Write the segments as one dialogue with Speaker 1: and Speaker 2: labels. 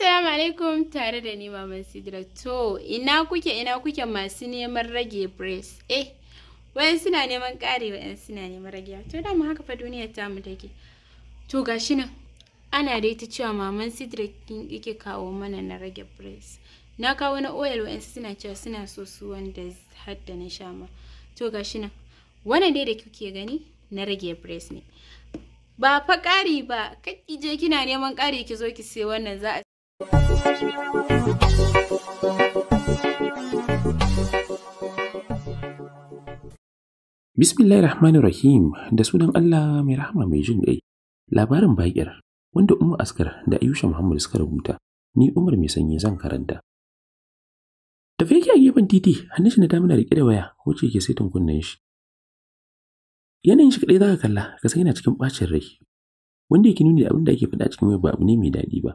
Speaker 1: Assalamu alaikum tare da ni Maman Sidra. To, ina kuke ina kuke masu neman rage press. Eh, wayan suna neman ƙari wayan suna neman rage. To, da mu haka fa duniya ta mu take. To, gashi nan ana dai ta cewa Maman Sidra kin yake kawo mana na rage press. Na kawo na oil wayan suna cewa suna so su wanda har da na sha ma. To, gashi nan wannan dai da kuke gani na rage press ne. ba fa ƙari ba kaki je kina neman ƙari ki zo ki sai wannan za a
Speaker 2: Bismillahir Rahmanir Rahim da sunan Allah mai rahama mai jin ƙai. Labarin baƙir wanda umar Askar da Ayusha Muhammad suka rubuta, ni Umar mai sanyi zan karanta. Tafi yake a gefen titi, hannun shi na damuna riƙe da waya wacce ke saitin kunnen shi. Yanayin shi kaɗai za ka kalla, ka san yana cikin ɓacin rai. Wanda yake nuni da abin da ake faɗa cikin waya ba abu ne mai daɗi ba.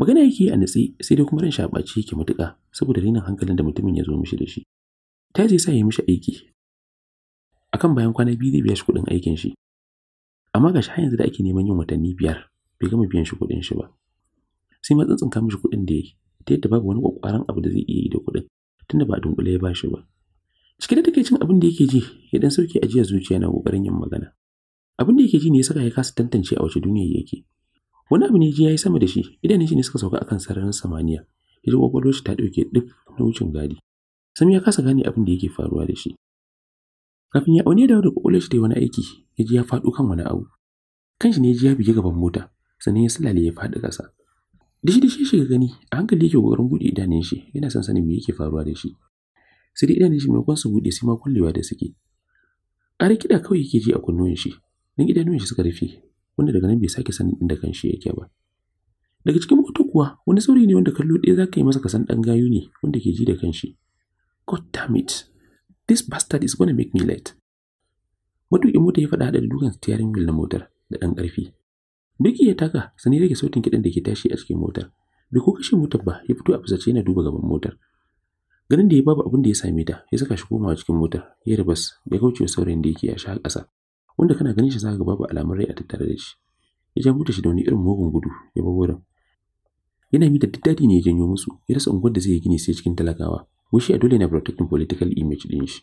Speaker 2: Magana yake yi a natse sai dai kuma ran shabaci yake mutuka saboda rinin hankalin da mutumin ya zo mishi da shi. Ta ya sa ya yi mishi aiki. Akan bayan kwana biyu zai biya shi kuɗin aikin shi. Amma ga shi har yanzu da ake neman yin watanni biyar bai gama biyan shi kuɗin shi ba. Sai ma tsantsinka mishi kuɗin da ya ta yadda babu wani kwakwaran abu da zai iya yi da kuɗin tunda ba a ya ba shi ba. Cike da take cin abin da yake ji ya dan sauke ajiyar zuciya na kokarin yin magana. Abin da yake ji ne ya saka ya kasa tantance a wace duniya yake. wani abu ne ji yayi sama da shi ne shi ne suka sauka akan sararin samaniya idan kwakwalo shi ta ɗauke duk na wucin gadi sam ya kasa gane abin da yake faruwa da shi kafin ya aune da wani kwakwalwar shi ta yi wani aiki ya ji ya faɗo kan wani abu kanshi ne ya ji ya bige gaban mota sannan ya silale ya faɗi ƙasa dishi dishi ya shiga gani a hankali yake kokarin buɗe idanun shi yana son sanin me yake faruwa da shi sai dai idanun shi maimakon su buɗe sai ma kullewa da suke a kiɗa kawai yake ji a kunnuwan shi don idanun shi suka rufe wanda daga nan bai sake sanin inda kanshi yake ba daga cikin motar kuwa wani sauri ne wanda kallo ɗaya za ka yi masa kasan ɗan gayu ne wanda ke ji da kanshi god damn it this bastard is gonna make me late matuƙin mota ya faɗa haɗa da dukan steering wheel na motar da ɗan ƙarfi Biki ya taka sani rage sautin kiɗan da ke tashi a cikin motar. Bai ko kashe motar ba ya fito a fusace yana duba gaban motar. Ganin da ya babu abin da ya same ta ya saka shi komawa cikin motar ya rabas ya kauce saurayin da yake ya sha ƙasa. wanda kana ganin shi za ka ga babu alamun rai a tattare da shi ya ja mota shi da wani irin mugun gudu ya bar wurin yana mita duk dadi ne ya janyo musu ya rasa unguwar da zai gini sai cikin talakawa wushi a dole na protecting political image din shi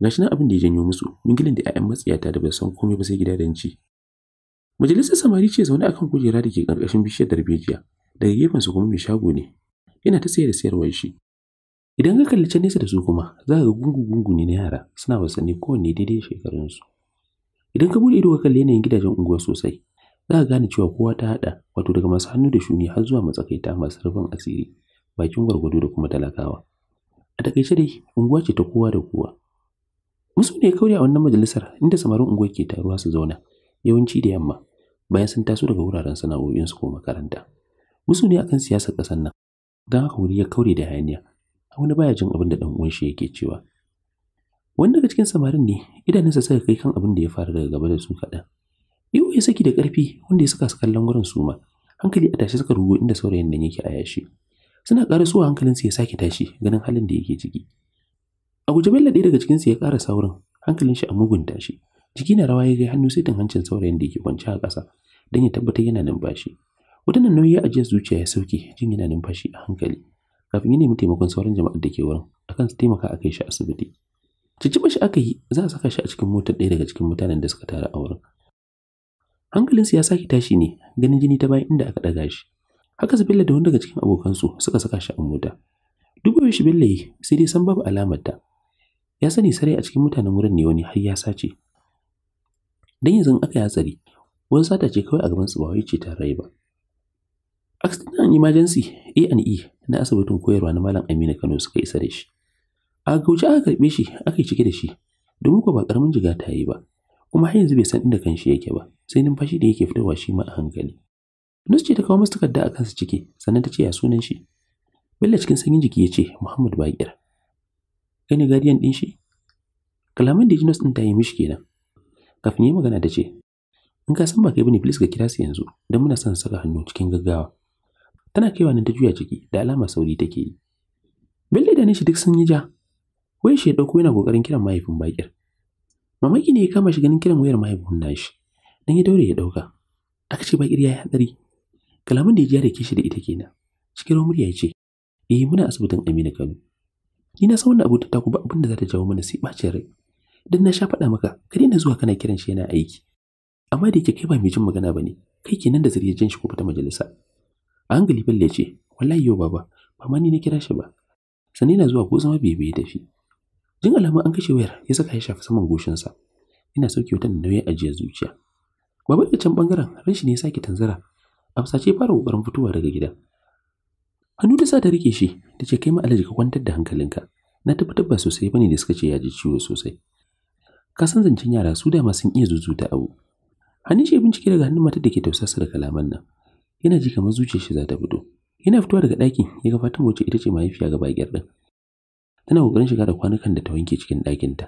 Speaker 2: gashi nan abin da ya janyo musu mun gilin da 'ya'yan matsiyata da ba san komai ba sai gida da nci. majalisar samari ce zaune akan kujera da ke karkashin bishiyar darbejiya daga gefen su kuma mai shago ne yana ta sayar da sayarwar shi idan ka kalli can nesa da su kuma za ka ga gungu-gungu ne na yara suna wasanni kowanne daidai shekarunsu Idan ka bude ido ka kalli yanayin gidajen unguwa sosai, za ka gane cewa kowa ta hada wato daga masu hannu da shuni har zuwa matsakaita masu rufin asiri, bakin gwargwado da kuma talakawa. A takaice dai unguwa ce ta kowa da kowa. Musu ne kauri a wannan majalisar inda samarin unguwa ke taruwa su zauna, yawanci da yamma bayan sun taso daga wuraren su ko makaranta. Musu ne akan siyasar ƙasar nan, don haka wuri ya kaure da hayaniya, wani baya jin abin da dan uwan shi yake cewa. wani daga cikin samarin ne idanunsa suka kai kan abin da ya faru daga gaba da su kaɗan iwo ya saki da ƙarfi wanda ya saka su kallon gurin su ma hankali a tashi suka rugo inda saurayin nan yake a yashi suna ƙara suwa hankalinsu ya sake tashi ganin halin da yake ciki a guje bello ɗaya daga cikinsu ya ƙara saurin hankalin shi a mugun tashi jiki na rawa ya ga hannu sai hancin saurayin da yake kwance a ƙasa don ya tabbatar yana numfashi wadannan nauyi a ajiyar zuciya ya sauke jin yana numfashi a hankali kafin ya nemi taimakon sauran jama'ar da ke wurin akan su taimaka a kai shi asibiti Cicciɓa shi aka yi za a saka shi a cikin motar ɗaya daga cikin mutanen da suka tara a wurin. Hankalinsu ya sake tashi ne ganin jini ta bayan inda aka ɗaga shi. Haka su Bello da wani daga cikin abokansu suka saka shi a mota. Duba shi Bello yi sai dai san babu alamar ta. Ya sani sarai a cikin mutanen wurin ne wani har ya sace. Dan yanzu aka yi hatsari wani sata ce kawai a gaban su ba wai ce ta rai ba. Accident and Emergency A&E na asibitin koyarwa na Malam Aminu Kano suka isa da shi. a gaggauce aka karɓe shi aka yi cike da shi domin ko ba ƙaramin jiga ta yi ba kuma har yanzu bai san inda kanshi yake ba sai numfashi da yake fitowa shi ma a hankali Nus ce ta kawo masa takarda a kansa ciki sannan ta ce ya sunan shi Bello cikin sanyin jiki ya ce Muhammad Bakir kai ne guardian din shi kalaman da nos din ta yi mishi kenan kafin yi magana ta ce in ka san ba kai bane please ka kira su yanzu don muna son saka hannu cikin gaggawa tana kaiwa nan ta juya ciki da alama sauri take yi Bello da nishi duk sun yi ja wai shi ya ɗauko yana ƙoƙarin kiran mahaifin bakir mamaki ne ya kama shi ganin kiran wayar mahaifin nashi dan ya daure ya ɗauka aka ce bakir ya yi hatsari kalamin da ya jiya da kishi da ita kenan cikin rawar murya ya ce eh muna asibitin Aminu Kano ni na san wannan abu ta ku ba abin da za ta jawo mana sai ɓacin rai dan na sha faɗa maka ka daina zuwa kana kiran shi yana aiki amma da yake kai ba mai jin magana ba ne kai kenan da ya jin shi ko fita majalisa a hankali ya ce wallahi yau baba ba ma ni na kira shi ba sannan yana zuwa ko zama bai bai tafi jin alamun an kashe wayar ya saka ya shafi saman goshinsa ina sauke wutan da nauyin ajiyar zuciya babar da can bangaren ranshi ne ya sake tanzara a fusace fara kokarin fitowa daga gida hannu ta sa ta rike shi ta ce kai ma'alaji ka kwantar da hankalinka na tabbatar ba sosai bane da suka ce ya ji ciwo sosai ka san zancen yara su dama sun iya zuzu ta abu hannun shi bincike daga hannun matar da ke tausasa da kalaman nan yana ji kamar zuciyar shi za ta fito yana fitowa daga ɗakin ya ga fatan wace ita ce mahaifiya gaba gyar din tana kokarin shiga da kwanukan da ta wanke cikin ɗakin ta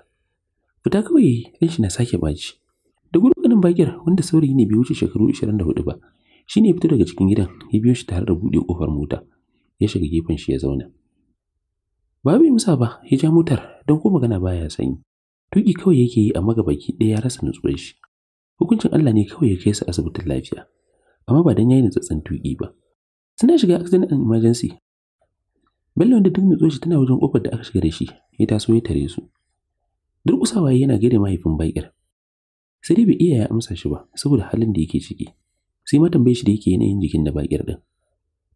Speaker 2: Fita kawai yi, shi na sake baci. Da gudu bakir wanda saurayi ne bai wuce shekaru 24 ba, shi ne fito daga cikin gidan ya biyo shi tare da buɗe ƙofar mota, ya shiga gefen shi ya zauna. babu bai musa ba ya ja motar don ko magana baya sanyi. Tuki kawai yake yi a ga baki ɗaya ya rasa nutsuwar shi. Hukuncin Allah ne kawai ya kai su asibitin lafiya, amma ba don ya yi nutsatsen tuki ba. Suna shiga accident and emergency Bello wanda duk nutsuwar shi tana wajen kofar da aka shiga da shi, ya taso ya tare su. Durƙusawa yana gaida mahaifin Baƙir. Sai dai bai iya ya amsa shi ba saboda halin da yake ciki. Sai ma tambaye shi da yake yanayin jikin da Baƙir ɗin.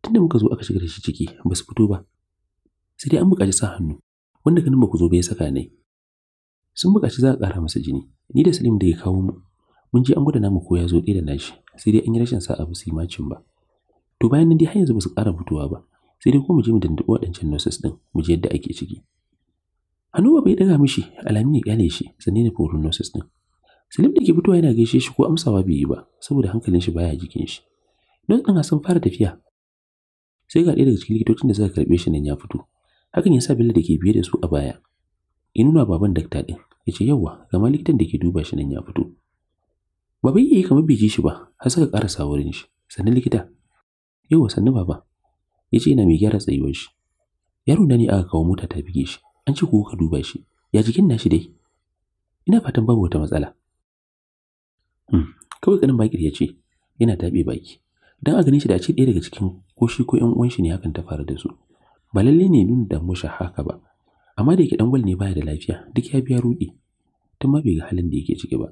Speaker 2: Tunda muka zo aka shiga da shi ciki, ba su fito ba. Sai dai an buƙaci sa hannu, wanda ganin ba ku zo ba ya saka ne. Sun buƙaci za a ƙara masa jini. Ni da Salim da ya kawo mu, mun je an gwada namu ko ya zo ɗaya da nashi, sai dai an yi rashin sa'a ba su yi macin ba. To bayan nan dai har yanzu ba su ƙara fitowa ba, sai dai ko mu je mu dandaɓi waɗancan nurses ɗin mu je yadda ake ciki ba bai daga mishi alamin ya kyale shi sanne na wurin nurses din. salim da ke fitowa yana gaishe shi ko amsawa bai yi ba saboda hankalin shi baya jikin shi nurse ɗin sun fara tafiya sai ga ɗaya daga cikin likitocin da suka karɓe shi nan ya fito hakan ya sa bello da ke biye da su a baya ya nuna baban dakta din ya ce ga gama likitan da ke duba shi nan ya fito baban ya yi kamar bai ji shi ba har suka ƙarasa wurin shi sannan likita yawa sannu baba ya ce na mai gyara tsayuwar shi Yaro da ne aka kawo mota ta bige shi an ci kuka duba shi ya jikin shi dai ina fatan babu wata matsala hmm. kawai kanin bakir ya ce yana taɓe baki Don a ganin shi da ce ɗaya daga cikin ko shi ko 'yan uwan shi ne hakan ta faru da su ba lalle ne nuna da musha haka ba amma da yake dan gwal ne baya da lafiya duk ya biya ruɗe tun ma bai ga halin da yake ciki ba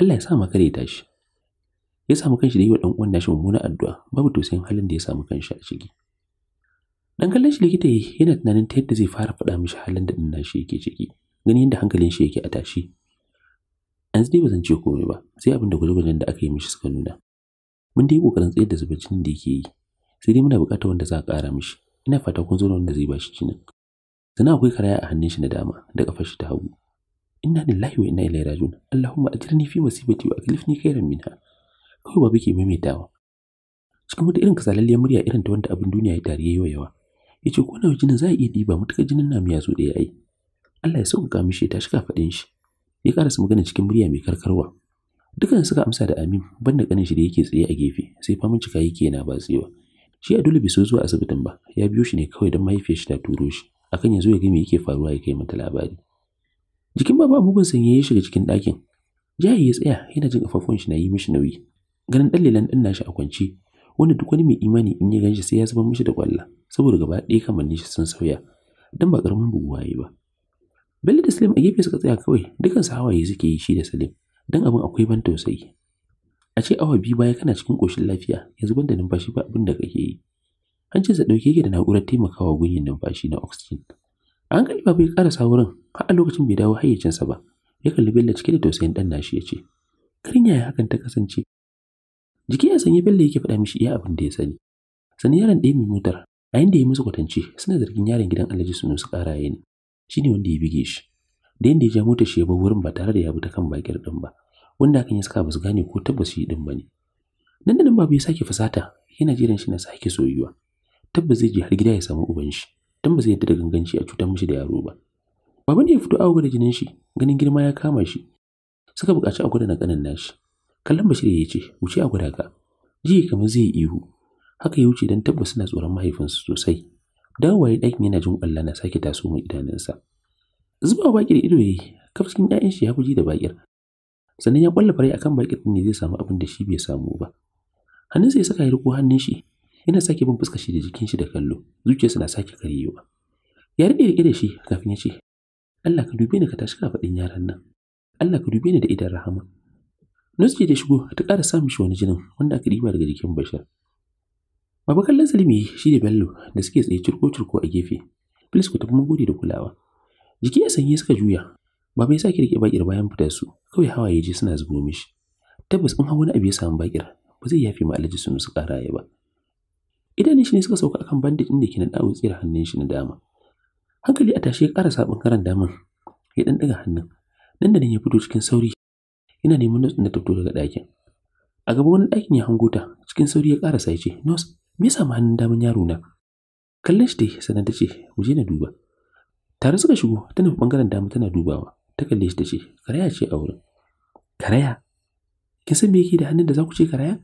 Speaker 2: Allah ya sa makare tashi ya samu kanshi da yi wa ɗan uwan nashi mummunan addu'a babu tausayin halin da ya samu kanshi a ciki dan kallon shi likita yana tunanin ta yadda zai fara faɗa mishi halin da ɗan nashi yake ciki ganin yadda hankalin shi yake a tashi an dai ba zan ce komai ba sai abin da gwaje-gwajen da aka yi mishi suka nuna mun dai kokarin tsayar da zubar jinin da yake yi sai dai muna buƙatar wanda za a ƙara mishi ina fata kun zo da wanda zai ba shi jinin sannan akwai karaya a hannun shi na dama da kafar shi ta hagu inna lillahi wa inna ilaihi raji'un allahumma ajirni fi masibati wa aklifni khairan minha kawai ba muke maimaitawa cikin wata irin kasalalliyar murya irin ta wanda abin duniya ya tare yayi yawa ya ce ko nawa jinin za a iya diba mutuka jinin namu ya zo da ya yi. Allah ya sauka mishi ya tashi faɗin shi ya karasa magana cikin murya mai karkarwa dukan suka amsa da amin banda kanin shi da yake tsaye a gefe sai famin cika yake yana batsewa shi a dole bai so zuwa asibitin ba ya biyo shi ne kawai don mahaifiyar shi ta turo shi akan ya zo ya ga me yake faruwa ya kai mata labari jikin baba mugun sanye ya shiga cikin ɗakin jahi ya tsaya yana jin ƙafafuwan shi na yi mishi nauyi ganin ɗan lilan din nashi a kwance wanda duk wani mai imani in ya ganshi sai ya zama mishi da kwalla saboda gaba ɗaya kamar shi sun sauya dan ba karamin buguwa yi ba Bello da Salim a gefe suka tsaya kawai dukan su hawaye suke yi shi da Salim dan abin akwai ban tausayi a ce awa biyu baya kana cikin koshin lafiya yanzu banda numfashi ba abin da kake yi sa ɗauke yake da na'urar taimakawa gunyin numfashi na oxygen an kai ba bai karasa wurin har a lokacin bai dawo hayyacinsa ba ya kalli Bello cike da tausayin dan nashi ya ce karin yaya hakan ta kasance Jiki ya sanye Bello yake faɗa mishi iya abin da ya sani. Sani yaron ɗaya mai motar a yanda ya yi masa kwatance suna zargin yaron gidan Alhaji ƙara ƙaraye ne. Shi ne wanda ya bige shi. Da yanda ya ja motar shi ya bar wurin ba tare da ya bi ta kan bakin ɗin ba. Wanda hakan ya saka ba su gane ko tabbas shi ɗin ba ne. Nan da nan babu ya sake fasata, yana jiran shi na sake soyuwa. Tabbas zai je har gida ya samu uban shi. Dan ba zai yadda da ganganci a cutar mishi da yaro ba. Baban ne ya fito a gwada jinin shi ganin girma ya kama shi. Suka buƙaci a gwada na ƙanan nashi. kallon bashir ya ce wuce a gwada ka ji kamar zai ihu haka ya wuce don tabbas suna tsoron mahaifinsu sosai dawowa ya ɗakin yana jin ƙwallo na sake taso mu idanunsa zuba bakir ido ya yi kafin cikin ƴaƴan shi ya ji da bakir sannan ya ƙwallo fare akan bakir ɗin ne zai samu abin da shi bai samu ba hannunsa ya saka ya riko hannun shi yana sake bin fuskar shi da jikin shi da kallo zuciyarsa na sake karyewa ya riƙe riƙe da shi kafin ya ce Allah ka dube ni ka tashi kafaɗin yaran nan Allah ka dube ni da idan rahama Nusji da shigo ta ƙara sa mishi wani jinin wanda aka ɗiba daga jikin bashar. Baba kallon Salimi shi da Bello da suke tsaye cirko-cirko a gefe. Filis ku tafi mun gode da kulawa. Jiki ya sanye suka juya. Baba ya sake rike bakir bayan fita su. Kawai hawaye je suna zubo mishi. Tabbas in hawa wani abu ya samu bakir ba zai yafe ma Alhaji Sunu su ƙara ya ba. Idanun shi ne suka sauka akan bandage ɗin da ke na dawo tsira hannun shi na dama. Hankali a tashe ya ƙara sabon karan daman ya ɗanɗaga hannun. Nan da nan ya fito cikin sauri yana neman nutsin da tafto daga ɗakin. A gaba wani ɗakin ya hango ta, cikin sauri ya ƙarasa ya ce, nos me ya hannun daman yaro na? Kallon shi dai sannan ta ce, mu na duba. Tare suka shigo, ta nufi ɓangaren dama tana dubawa. Ta kalle shi ta ce, karaya ce a wurin. Karaya? Kin san me yake da hannun da za ku ce karaya?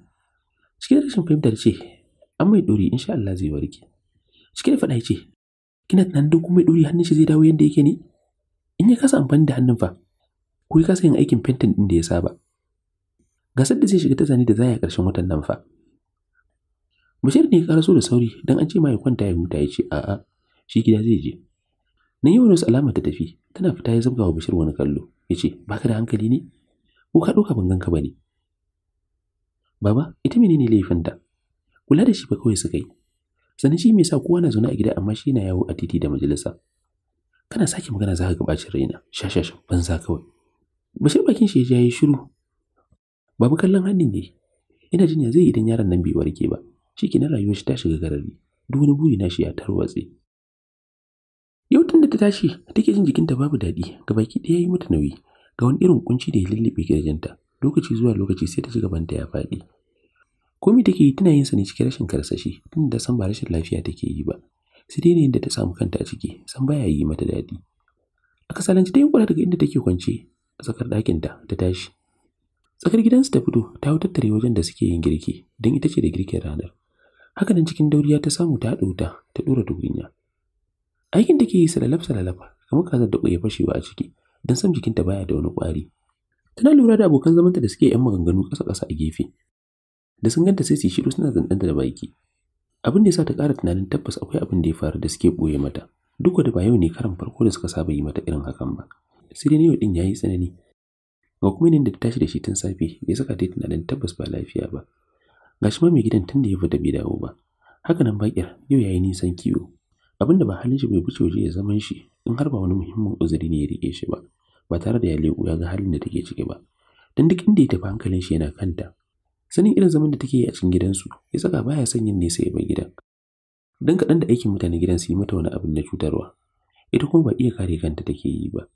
Speaker 2: Cikin rashin fahimta ta ce, an mai ɗori insha Allah zai warke. Cikin faɗa ya ce, kina tunanin duk mai ɗori hannun shi zai dawo yadda yake ne? In ya kasa amfani da hannun fa, ko ya kasa yin aikin fentin ɗin da ya saba. Gasar da zai shiga ta zane da zaya ƙarshen watan nan fa. Bashir ne ya karaso da sauri dan an ce mai ya kwanta ya huta ya ce a'a shi gida zai je. Na yi wani wasu alama ta tafi tana fita ya zabga wa Bashir wani kallo ya ce ba ka da hankali ne ko ka ɗauka ban ganka ba ne. Baba ita menene laifinta? Kula da shi ba kawai suka yi. Sannan shi me sa kowa na zaune a gida amma shi na yawo a titi da majalisa. Kana sake magana za ka gabacin raina shashashan za kawai. Bashir bakin shi ya yi shiru. Babu kallon hannun ne. Ina jin ya zai idan yaron nan bai warke ba. Shi kenan rayuwar shi ta shiga garari. Duk wani buri na shi ya tarwatse. Yau tun da ta tashi take jin jikinta babu daɗi ga baki ɗaya yi mata nauyi ga wani irin kunci da ya lullube kirjinta lokaci zuwa lokaci sai ta ci gabanta ya faɗi. Komi take yi tana yin sa ne cikin rashin karsashi tun da san ba rashin lafiya take yi ba. Sai dai ne inda ta samu kanta a ciki san baya yi mata daɗi. A kasalance ta yunkura daga inda take kwance tsakar ɗakinta ta tashi tsakar gidansu ta fito ta hau tattare wajen da suke yin girki don ita ce da girkin ranar haka nan cikin dauriya ta samu ta haɗa wuta ta ɗora tukunya aikin take yi salalaf salalaf kamar kazar da ƙwaye fashewa a ciki don sam jikinta baya da wani ƙwari tana lura da abokan zamanta da suke yan maganganu ƙasa-ƙasa a gefe da sun ganta sai su shiru suna zandanta da baki abin da ya sa ta ƙara tunanin tabbas akwai abin da ya faru da suke ɓoye mata duk da ba yau ne karan farko da suka saba yi mata irin hakan ba sai dai ɗin din yi tsanani ga kuma yanayin da ta tashi da shi tun safe ya saka ta tunanin tabbas ba lafiya ba gashi ma mai gidan tun da ya fita bai dawo ba haka nan bakir yau yayi nisan kiwo abinda ba halin shi bai buce waje ya zaman shi in har ba wani muhimmin uzuri ne ya rike shi ba ba tare da ya leƙo ya ga halin da take ciki ba dan duk inda ya tafi hankalin shi yana kanta sanin irin zaman da take yi a cikin gidansu ya saka baya son yin nesa ya bar gidan dan kaɗan da aikin mutane gidan su yi mata wani abin na cutarwa ita kuma ba iya kare kanta take yi ba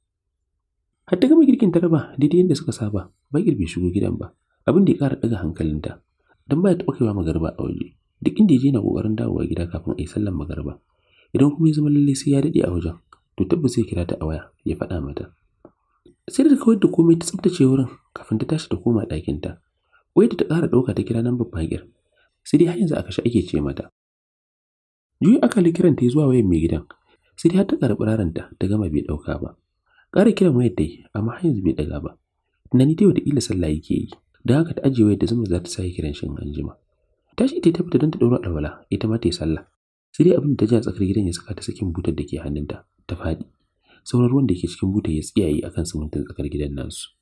Speaker 2: har ta gama girkin ta raba daidai yadda suka saba ba girbe shigo gidan ba abin da ya ƙara ɗaga hankalinta don ya taɓa kaiwa magarba a waje duk inda ya je na kokarin dawowa gida kafin a yi sallan magarba idan kuma ya zama lalle sai ya daɗe a wajen to tabbas zai kira ta a waya ya faɗa mata sai da kawai da komai ta tsabtace wurin kafin ta tashi ta koma ɗakinta wai da ta ƙara ɗauka ta kira nan babban sai dai har yanzu a kashe ake ce mata juyi akalin kiranta ta zuwa wayan mai gidan sai dai har ta karɓi ta gama bai ɗauka ba ƙara kira mai dai amma har yanzu bai ɗaga ba tunani dai Ila sallah yake yi dan haka ta ajiye wayar da zuma za ta sake kiran shin anjima tashi ta tafi don ta ɗauro alwala ita ma ta yi sallah sai dai abin da ta ji a tsakar gidan ya saka ta sakin butar da ke hannunta ta faɗi sauran ruwan da ke cikin butar ya tsiyaye akan simintin tsakar gidan nasu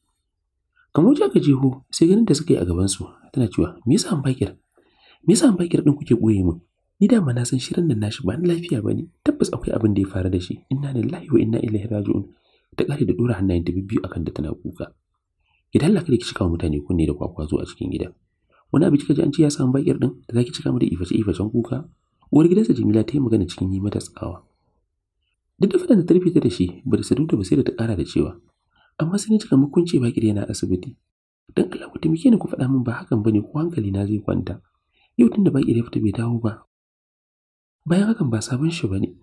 Speaker 2: kamar wuce aka jeho sai ganin da suka yi a gabansu tana cewa me yasa an bakir me yasa an bakir din kuke ɓoye min ni da na san shirin nan nashi ba ni lafiya ba tabbas akwai abin da ya faru da shi inna lillahi wa inna ilaihi raji'un ta kare da ɗora hannayen ta bibbiyu akan da tana kuka idan Allah kada ki cika mutane kunne da kwakwa a cikin gida wani abu kika ji an ce ya samu bakir din da zaki cika mata iface ifacen kuka uwar gidansa Jamila ta yi magana cikin yi mata tsawa duk da fadan da tarfi ta da shi ba da ba sai da ta ƙara da cewa amma sai na cika mukunce bakir yana asibiti dan Allah ku taimake ni ku faɗa min ba hakan bane ko hankali na zai kwanta yau tunda bakir ya fita bai dawo ba bayan hakan ba sabon shi bane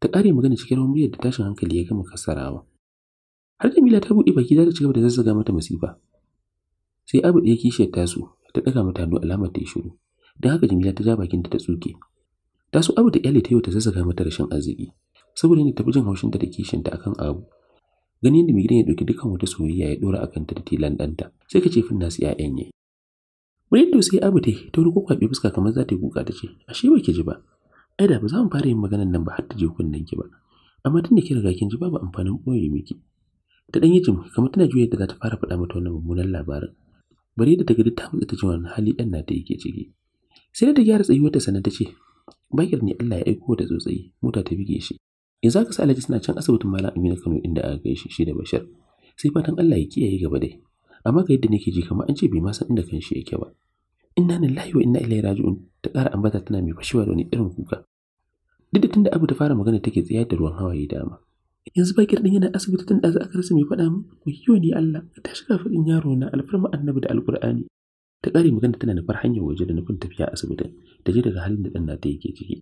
Speaker 2: ta ƙare magana cikin rawan muryar da tashin hankali ya gama kasarawa har jamila ta buɗe baki za ta cigaba da zazzaga mata masifa sai abu ɗaya kishiyar su, ta ɗaga mata hannu alamar ta yi shiru don haka jamila ta ja bakinta ta tsuke ta so abu da iyali ta yau ta zazzaga mata rashin arziki saboda ne tafi jin haushinta da kishinta akan abu ganin yadda mai gidan ya ɗauki dukkan wata soyayya ya ɗora akan ta da tilan ɗanta sai ka ce fin nasu ‘ya'yan ne muryar da sai abu ta yi ta wani kwakwaɓe fuska kamar za ta yi kuka ta ce ashe ba ki ji ba ai da ba za mu fara yin maganan nan ba har ta je kunnen ki ba amma tun da ki riga kin ji babu amfanin boye miki ta dan yi jim kamar tana juya da za ta fara faɗa mata wannan mummunan labarin bare da ta gidi ta mutsa ta ji wannan hali ɗan nata yake ciki sai da ta gyara tsayuwar ta sanar ta ce bakir ne Allah ya aiko da tsotsayi mota ta bige shi yanzu aka sa alhaji suna can asibitin malam Aminu Kano inda aka gaishe shi da Bashir sai fatan Allah ya kiyaye gaba dai amma ga yadda nake ji kamar an ce bai ma san inda shi yake ba inna lillahi wa inna ilaihi raji'un ta ƙara ambata tana mai fashewa da wani irin kuka duk da tunda abu ta fara magana take tsaya da ruwan hawaye dama yanzu ba kirdin yana asibiti tun da za a karsa mai faɗa min ku yiwo ni Allah ta shiga faɗin yaro na alfarma annabi da alkur'ani ta ƙare magana tana nufar hanyar waje da nufin tafiya asibitin ta je daga halin da ɗan nata yake ciki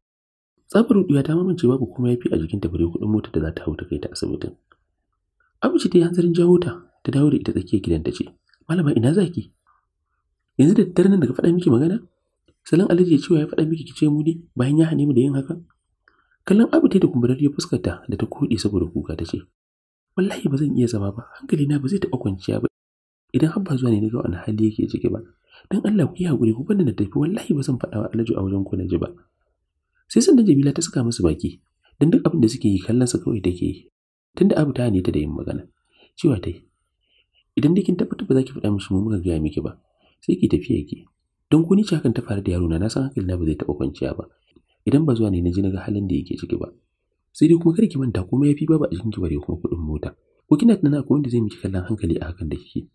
Speaker 2: tsabar ruɗuwa ta mamance babu kuma fi a jikin ta bare kuɗin mota da za ta hau ta kai ta asibitin amince ta yi hanzarin jawo ta ta dawo da ita tsakiyar gidan ta ce malama ina zaki yanzu da daddare nan daga faɗa miki magana salon alhaji ya cewa ya faɗa miki kice mu ne bayan ya hane mu da yin haka kallon abu ta da ya fuskar ta da ta koɗe saboda kuka ta ce wallahi ba zan iya zama ba hankali na ba zai taɓa kwanciya ba idan har ba zuwa ne daga wani hali yake ciki ba dan Allah ku yi hakuri ku bani na tafi wallahi ba zan faɗa wa alhaji a wajen ku na ji ba sai sanda Jamila ta saka musu baki dan duk abin da suke yi kallon sa kawai take yi tunda abu ta ne ta da yin magana cewa yi. idan dikin tabbata ba za ki faɗa mishi mu muka gaya miki ba sai ki tafi yake don kuni ci hakan ta faru da yarona na san hakan na ba zai taɓa kwanciya ba idan ba zuwa ne na ji na ga halin da yake ciki ba sai dai kuma kar ki manta kuma yafi ba a jikin ki bare kuma kuɗin mota ko kina tunanin akwai wanda zai miki kallon hankali a hakan da kike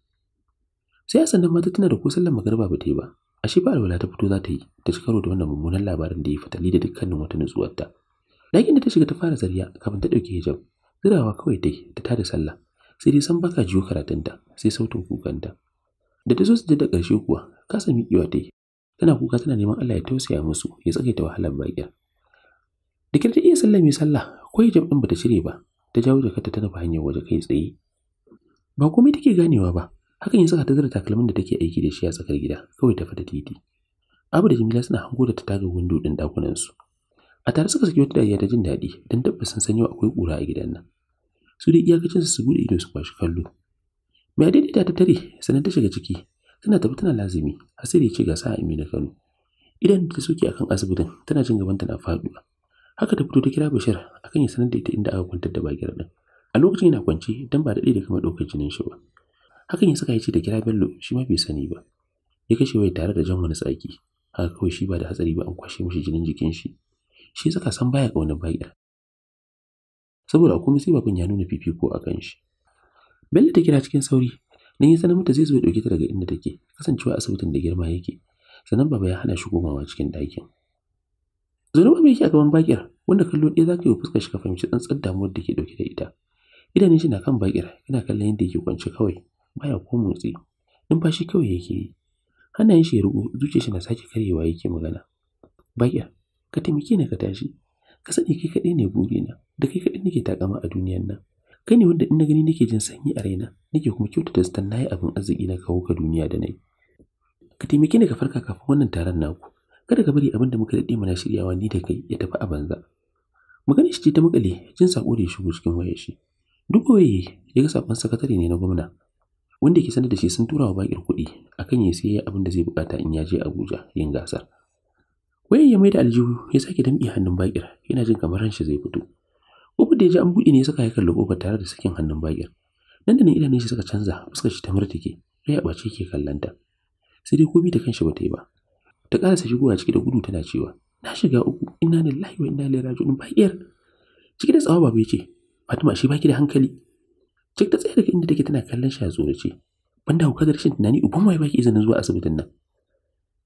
Speaker 2: sai a sanan mata tana da ko sallan magarba ba ta yi ba ashe ba alwala ta fito za ta yi ta ci karo da wannan mummunan labarin da ya fatali da dukkanin wata nutsuwarta Lakin da ta shiga ta fara zariya kafin ta ɗauke hijab zirawa kawai ta ta tada sallah sai dai san baka jiyo karatunta sai sautin kukanta Da ta zo da ƙarshe kuwa, kasa miƙewa ta yi, tana kuka tana neman Allah ya tausaya musu ya ta wahalar baƙin. Da kyar ta iya sallah mai sallah, ko jam'in ba bata cire ba, ta jawo jakarta ta nufa hanyar waje kai tsaye. Ba komai take ganewa ba, hakan ya saka ta zira takalmin da take aiki da shi a tsakar gida, kawai ta fita titi. Abu da Jamila suna hango da ta taga windo ɗin ɗakunansu. A tare suka saki wata dariya ta jin daɗi, don tabbas sun san yau akwai ƙura a gidan nan. Su dai iyakacinsu su buɗe ido su kwashi kallo, mai daidaita ta tare sannan ta shiga ciki tana tafi tana lazimi har sai ya ce ga Amina Kano idan ta soke akan asibitin tana jin gabanta na faduwa haka ta fito ta kira Bashir akan ya sanar da ita inda aka kwantar da bakin din a lokacin yana kwance dan ba daɗe da kuma ɗaukar jinin shi ba hakan ya saka ya ce da kira Bello shi ma bai sani ba ya kashe wai tare da jan wani tsaki haka kawai shi ba da hatsari ba an kwashe mishi jinin jikin shi shi saka san baya wani bakin saboda komai sai baban ya nuna fifiko a kan shi Bello ta kira cikin sauri, nan ya sanar mata zai zo ya ɗauke ta daga inda take, kasancewa asibitin da girma yake, sannan baba ya hana shi komawa cikin ɗakin. Zaune mai yake a gaban bakir, wanda kallo ɗaya za ka yi fuskar shi ka fahimci tsantsar damuwar da ke ɗauke da ita. Idanun shi na kan bakir, yana kallon yadda yake kwance kawai, baya ko motsi, numfashi kawai yake yi. Hannayen shi ya riƙo, zuciyar shi na sake karyewa yake magana. Bakir, ka taimake ni ka tashi, ka sani kai kaɗai ne na, da kai kaɗai nake takama a duniyan nan. kai ne wanda in na gani nake jin sanyi a raina nake kuma kyautata zaton na yi abin arziki na kawo ka duniya da nai ka taimake ni ka farka kafin wannan taron naku kada ka bari abin da muka daɗe muna shiryawa ni da kai ya tafi a banza magana shi ce ta makale jin sako da ya shigo cikin wayar shi duk waye ya ga sakon sakatare ne na gwamna wanda ke sanar da shi sun tura wa bakir kuɗi akan ya sai abin da zai bukata in ya je Abuja yin gasar wayar ya mai da aljihu ya sake damƙe hannun bakir yana jin kamar ran shi zai fito Kofar da ya ji an buɗe ne suka haikar ƙofar tare da sakin hannun baƙin. Nan da nan idanun shi suka canza fuskar shi ta murtuke rai a ɓace yake ta Sai dai ko bi da kanshi bata yi ba. Ta ƙarasa shigowa ciki da gudu tana cewa na shiga uku inna Lahi wa inna ilaihi ɗin baƙiyar. Ciki da tsawa babu ya ce Fatima shi baki da hankali. Cik ta tsaye daga inda take tana kallon shi a tsorace. Banda da da rashin tunani uban waye baki izinin zuwa asibitin nan.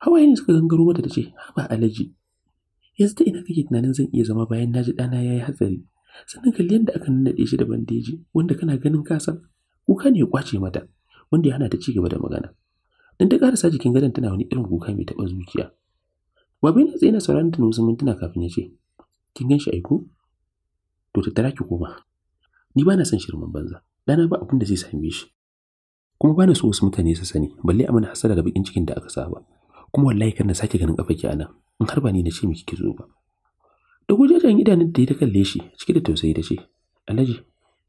Speaker 2: Hawaye ne suka gangaro mata ta ce ba alaji. Yanzu ta ina kake tunanin zan iya zama bayan na ji ɗana ya yi hatsari. sannan kalli yadda aka nannaɗe shi da bandeji wanda kana ganin kasa kuka ne ya kwace mata wanda ya hana ta cigaba da magana dan ta karasa jikin gadon tana wani irin kuka mai taɓa zuciya babu na tsaye na sauran ta wasu mintuna kafin ya ce kin gan shi aiko to ta tara ki koma ni ba na son shirman banza dana ba abin da zai same shi kuma ba na so wasu mutane su sani balle a mana hasara da bakin cikin da aka saba kuma wallahi kar na sake ganin kafa ki anan in har ba ni na ce miki ki zo ba da gujejen idanun da ya ta kalle shi cike da tausayi da ce alhaji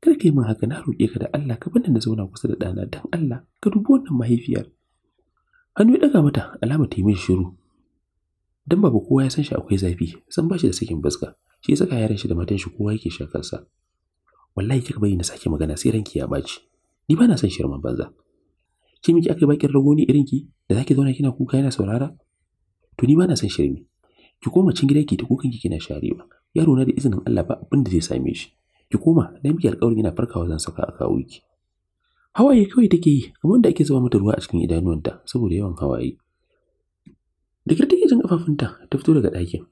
Speaker 2: kar ka yi min haka na roƙe ka da Allah ka bani na zauna kusa da ɗana dan Allah ka dubi wannan mahaifiyar hannu ya ɗaga mata alama ta yi min shiru dan babu kowa ya san shi akwai zafi san ba shi da sakin baska, shi saka yaran shi da matan shi kowa yake shakar sa wallahi kika bayyana na sake magana sai ranki ya baci ni ba na son shirma banza ki miki akai bakin ragoni irin ki da zaki zauna kina kuka yana saurara to ni ba na son shirmi ki koma cin gida ki ta kukan ki kina sharewa yaro na da izinin Allah ba abin da zai same shi ki koma dan miki alƙawarin yana farkawa zan saka a kawo ki hawaye kawai take yi kamar wanda ake zuba mata ruwa a cikin idanuwanta saboda yawan hawaye da kirta ke jin kafafunta ta fito daga dakin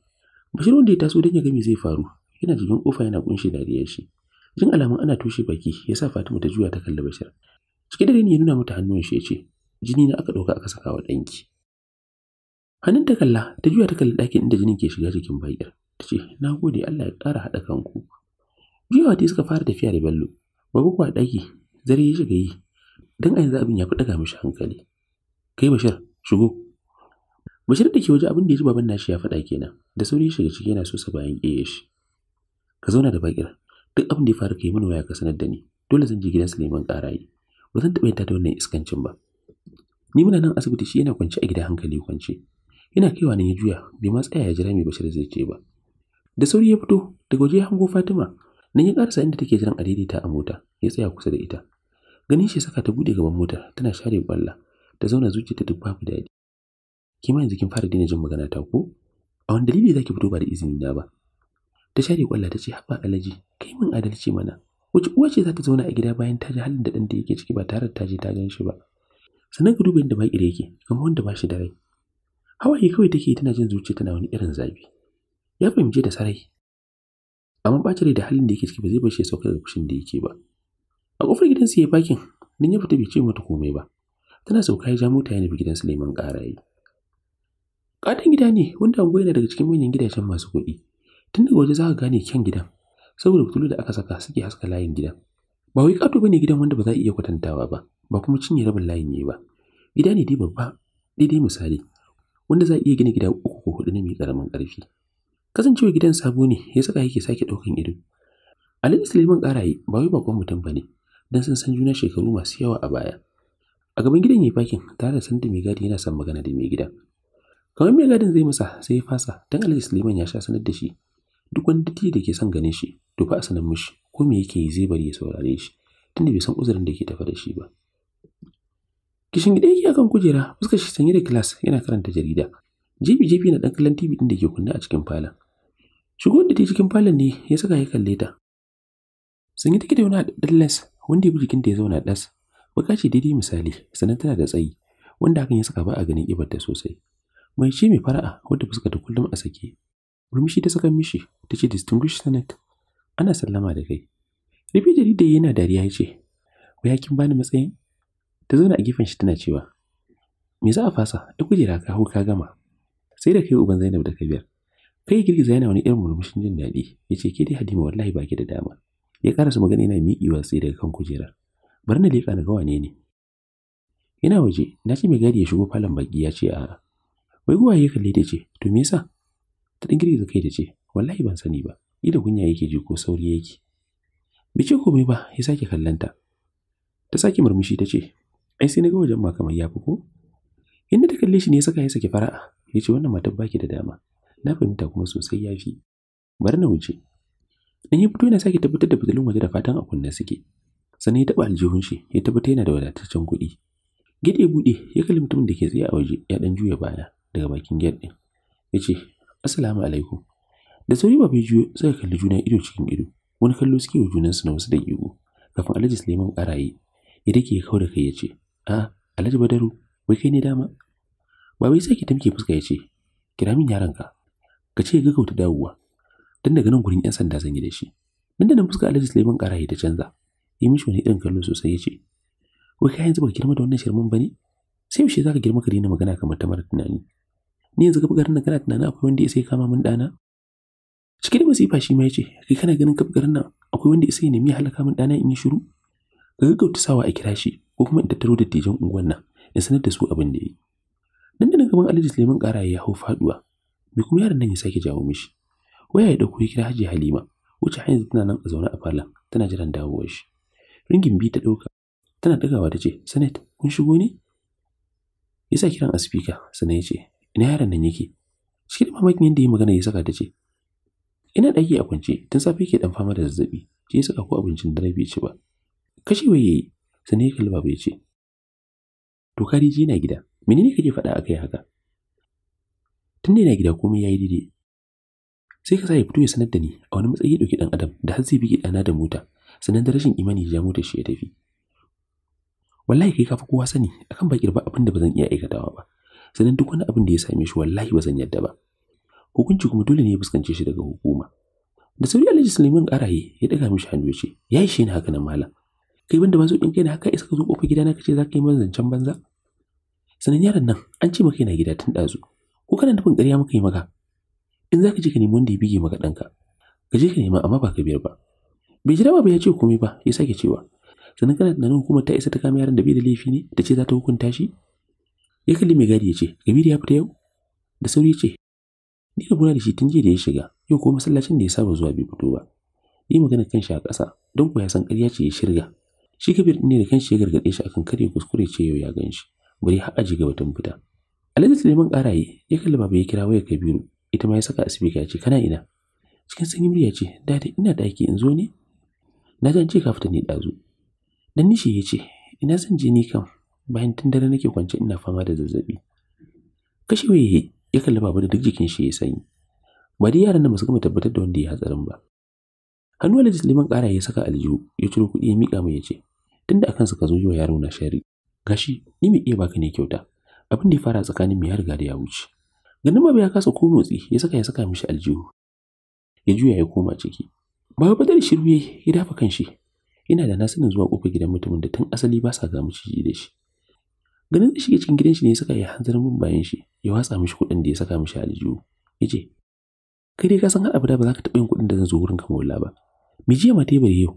Speaker 2: bashir wanda ya taso don ya ga zai faru yana jikin kofa yana kunshi dariyar shi jin alamun ana toshe baki ya sa fatima ta juya ta kalli bashir dare ne ya nuna mata hannun shi ya ce jini na aka ɗauka aka saka wa ɗanki hannun ta kalla ta juya ta kalli ɗakin inda jinin ke shiga jikin baƙir ta ce na gode allah ya ƙara haɗa kanku juyawa ta suka fara tafiya da bello babu kuwa ɗaki zare ya shiga yi don a yanzu abin ya fi ɗaga mishi hankali kai bashir shigo bashir da ke waje abin da ya ji baban nashi ya faɗa kenan da sauri ya shiga ciki yana so sa bayan ƙeye shi ka zauna da bakir duk abin da ya faru ka yi mana waya ka sanar da ni dole zan je gidan Suleiman karayi ba zan taɓa yin da wannan iskancin ba ni muna nan asibiti shi yana kwance a gida hankali kwance Ina kaiwa ne ya juya bai ma tsaya ya jira mai bashir zai ce ba da sauri ya fito daga waje hango fatima nan ya karasa inda take jiran adaidaita a mota ya tsaya kusa da ita ganin shi saka ta bude gaban mota tana share kwalla ta zauna zuciyarta duk babu daɗi ki ma yanzu kin fara daina jin magana ta ko a wani dalili zaki fito ba da izini na ba ta share balla ta ce haba alaji kai min adalci mana wace uwa ce za ta zauna a gida bayan ta ji halin da ɗanta yake ciki ba tare da ta je ta gan shi ba sannan ka duba yadda makire yake kamar wanda ba shi da rai hawaye kawai take tana jin zuciya tana wani irin zabi ya fahimce da sarai amma bacin da halin da yake ciki ba zai bashi saukar ya sauka daga da yake ba a kofar su ya bakin nan ya fita bai ce mata komai ba tana sauka ya ja mota ya nufi gidansu Suleiman Karayi katon gida ne wanda an yana daga cikin manyan gidajen masu kuɗi tun daga waje za ka gane kyan gidan saboda fitilu da aka saka suke haska layin gidan ba wai kato bane gidan wanda ba za a iya kwatantawa ba ba kuma cinye rabin layin ne ba gida ne dai babba dai misali wanda za a iya gina gida uku ko hudu na mai karamin ƙarfi kasancewa gidan sabo ne ya saka yake sake ɗaukan ido Ali Suleiman Karaye ba wai bakon mutum ne, dan sun san juna shekaru masu yawa a baya. A gaban gidan yayi fakin tare da sanda mai gadi yana son magana da mai gida. Kamar mai gadin zai masa sai ya fasa dan Ali Suleiman ya sha sanar da shi. Duk wani datti da ke son ganin shi to fa a sanar mishi ko me yake yi zai bari ya saurare shi tunda bai san uzurin da ke tafa da shi ba. Kishin gida yake akan kujera, fuskar shi sanye da gilas yana karanta jarida. Jibi jibi na ɗan kallon TV ɗin da ke kunne a cikin falon. Shigo da ta cikin falon ne ya saka ya kalle ta. Sanye take da wani ɗan les wanda ya bi da ya zauna das Baka ce daidai misali, sannan tana da tsayi, wanda hakan ya saka ba a ganin ta sosai. Mai ce mai fara'a wadda fuskar ta kullum a sake. Murmushi ta saka mishi ta ce distinguished senate. Ana sallama da kai. Rufe jarida yana dariya ya ce, Wai bani matsayin? ta zauna a gefen shi tana cewa me za a fasa duk kujera ka hau ka gama sai da kai uban Zainab da Kabir kai girgiza yana wani irin murmushin jin daɗi ya ce ke dai Hadima, wallahi baki da dama ya karasa magana yana miƙewa sai daga kan kujerar bari na leƙa na wane ne ina waje na ce mai gadi ya shigo falon baki ya ce a. wai guwa ya kalle ta ce to me yasa ta ɗin girgiza kai ta ce wallahi ban sani ba ida kunya yake ji ko sauri yake bai ce komai ba ya sake kallanta ta sake murmushi ta ce ai sai na ga wajen ma kamar ya fi ko inda ta kalle shi ne saka ya saki fara'a ya ce wannan matar baki da dama na fahimta kuma sosai ya fi bari na wuce in ya fito yana sake tabbatar da fitilun waje da fatan a kunne suke sannan ya taɓa aljihun shi ya tabbatar yana da wadataccen kuɗi gate ya buɗe ya kalli mutumin da ke tsaye a waje ya ɗan juya baya daga bakin gate ɗin ya ce assalamu alaikum da sauri ba bai juyo suka kalli juna ido cikin ido wani kallo suke wa junansu na wasu daƙiƙu kafin alhaji suleiman ƙaraye ya dake kau da kai ya ce A'a, alhaji badaru wai kai ne dama ba wai sai ki tamke fuska ya ce kira min yaranka ka ce ga kauta dawowa dan daga nan gurin yan sanda zan yi da shi nan da nan fuska alhaji suleiman karaye ta canza yi mishi wani irin kallo sosai ya ce wai kai yanzu ba girma da wannan shirman bane sai yaushe zaka girma ka daina magana kamar ta mara tunani ni yanzu ga bugarin nan kana tunanin akwai wanda ya sai kama min dana cike da masifa shi ma ya ce kai kana ganin kaf garin nan akwai wanda ya sai nemi halaka min dana in yi shiru ga gaggauta a kira shi ko kuma in tattaro dattijan unguwan nan in sanar da su abin da ya yi nan da nan gaban alhaji suleiman karaye ya hau faɗuwa bai kuma yaron nan ya sake jawo mishi waya ya dauko ya kira hajiya halima wacce hanyar tana nan a zaune a falon tana jiran dawowa shi ringin biyu ta dauka tana dagawa ta ce sanet kun shigo ne ya sa kiran a spika sannan ya ce ina yaron nan yake shi da mamakin yadda ya magana ya saka ta ce ina ɗaki a kwance tun safe yake dan fama da zazzabi ke saka ko abincin dare bai ci ba kashe wai yayi sani ne baba ya ce to kariji yana gida menene kake faɗa akai haka tunda na gida komai yayi dide. sai ka sa ya fito ya sanar da ni a wani matsayi ya ɗauki adam da har zai biki ɗana da mota sanan da rashin imani ya ja shi ya tafi wallahi kai kafa kowa sani akan bakir ba abin da ba iya aikatawa ba sannan duk wani abin da ya same shi wallahi ba zan yadda ba hukunci kuma dole ne ya fuskance shi daga hukuma da sauri alhaji suleiman karaye ya daga mishi hannu ya ce ya yi shi ne haka na malam kai banda ban su ɗin kai da haka isa zo ƙofar gidana ka ce za ka yi mana zancen banza sanan yaron nan an ce maka yana gida tun ɗazu ko kana nufin ƙarya maka yi maka in zaka je ka nemi wanda ya bige maka ɗanka ka je ka nema amma ba ka biyar ba bai jira ba ya ce komai ba ya sake cewa sannan kana tunanin hukumar ta isa ta kama yaran da bai da laifi ne da ce za ta hukunta shi ya kalli mai gadi ya ce kabiru ya fita yau da sauri ya ce ni da buna da shi tun jiya da ya shiga yau kuma masallacin da ya saba zuwa bai fito ba yi magana kan shi a ƙasa don ko ya san ƙarya ce ya shirga shi kabir ne da kanshi ya gargaɗe shi akan kare kuskure ce yau ya gan shi bari har aji gaba tun fita alhaji suleiman ƙaraye ya kalli baba ya kira waya kabiru ita ma ya saka asibiti ya ce kana ina cikin sanyin murya ce dadi ina ɗaki in zo ne na an ce ka fita ni ɗazu dan nishi ya ce ina zan je ni kam bayan tun dare nake kwance ina fama da zazzabi kashe waye ya kalli baba da duk jikin shi ya sanyi ba yaran da masu gama tabbatar da wanda ya hatsarin ba hannu alhaji liman ƙara ya saka aljihu ya ciro kuɗi ya miƙa mai ya ce tun da akan ka zo yi wa yaro na shari gashi ni mai iya baka ne kyauta abin da ya fara tsakanin mu ya riga da ya wuce ganin babu ya kasa ko motsi ya saka ya saka mishi aljihu ya juya ya koma ciki ba dare shiru ya dafa kanshi yana da nasanin zuwa kofar gidan mutumin da tun asali ba sa ga miciji da shi ganin shi shiga cikin gidan shi ne ya saka ya hanzar mun bayan shi ya watsa mishi kuɗin da ya saka mishi aljihu ya ce kai dai ka san har abada ba za ka taɓa yin kuɗin da zan zo wurin ka maula ba mi jiya ma tebur yau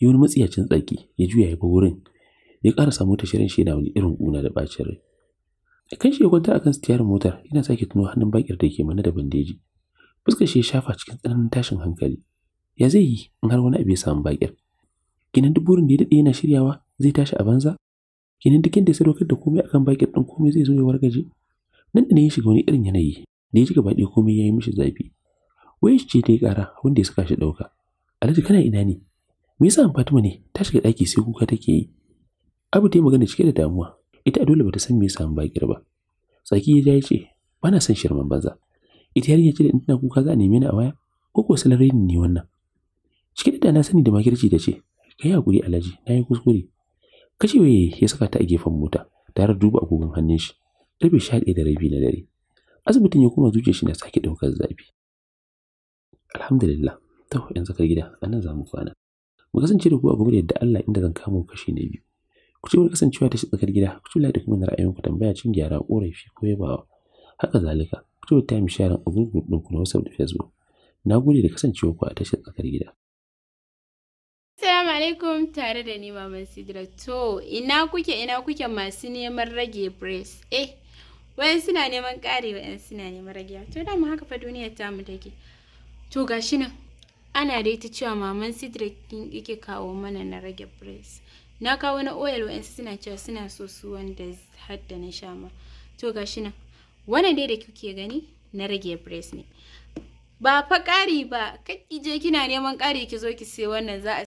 Speaker 2: ya wani matsiyacin tsaki ya juya ya bi wurin ya ƙara samu ta shirin shaida wani irin ƙuna da ɓacin rai A kan shi ya kwanta akan sitiyarin motar yana sake tuno hannun bakir da ke mana da bandeji fuskar shi ya shafa cikin tsananin tashin hankali ya zai yi in har wani abu ya samu bakir kinan duk burin da ya dade yana shiryawa zai tashi a banza kinan duk inda ya sadaukar da komai akan bakir ɗin komai zai zo ya wargaje nan da ne ya shiga wani irin yanayi da ya ji gaba ɗaya komai ya yi mishi zafi wai shi ce ta yi ƙara wanda ya saka shi ɗauka alhaji kana ina ne me yasa fatima ne ta shiga ɗaki sai kuka take yi abu ta yi magana cike da damuwa ita a dole bata san me yasa an bakir ba tsaki ya ja ce ba na son shirman banza ita yarinya ce da in tana kuka za a neme ni a waya ko ko salarin ne wannan cike da dana sani da makirci ta ce kai hakuri alhaji na yi kuskure kashe waye ya saka ta a gefen mota tare da duba agogon hannun shi rabe sha ɗaya da rabi na dare asibitin ya kuma zuce shi na sake ɗaukar zafi Alhamdulillah, to ‘yan tsakar gida, anan nan kwana. Mu kasance da ku a gobe da yadda Allah inda zan kamo kashi na biyu. Ku ci kasancewa ta tsakar gida, ku ci da kuma ku tambaya cin gyara korafi ko yabawa. Haka zalika, ku ci da time sharing a din ku na WhatsApp da Facebook. Na gode da kasancewa ku a tashar tsakar gida.
Speaker 1: Assalamu alaikum tare da ni Maman Sidra. To, ina kuke ina kuke masu neman rage press Eh, wayan suna neman kare wayan suna neman rage. To da mu haka fa duniyar mu take. to shi nan ana dai ta cewa maman Sidrak yake kawo mana na rage press na kawo na oil wayansu suna cewa suna so su wanda har da na sha ma to shi nan wannan dai da kuke gani na rage press ne ba fa ƙari ba ki je kina neman ƙari ki zo ki sai wannan za a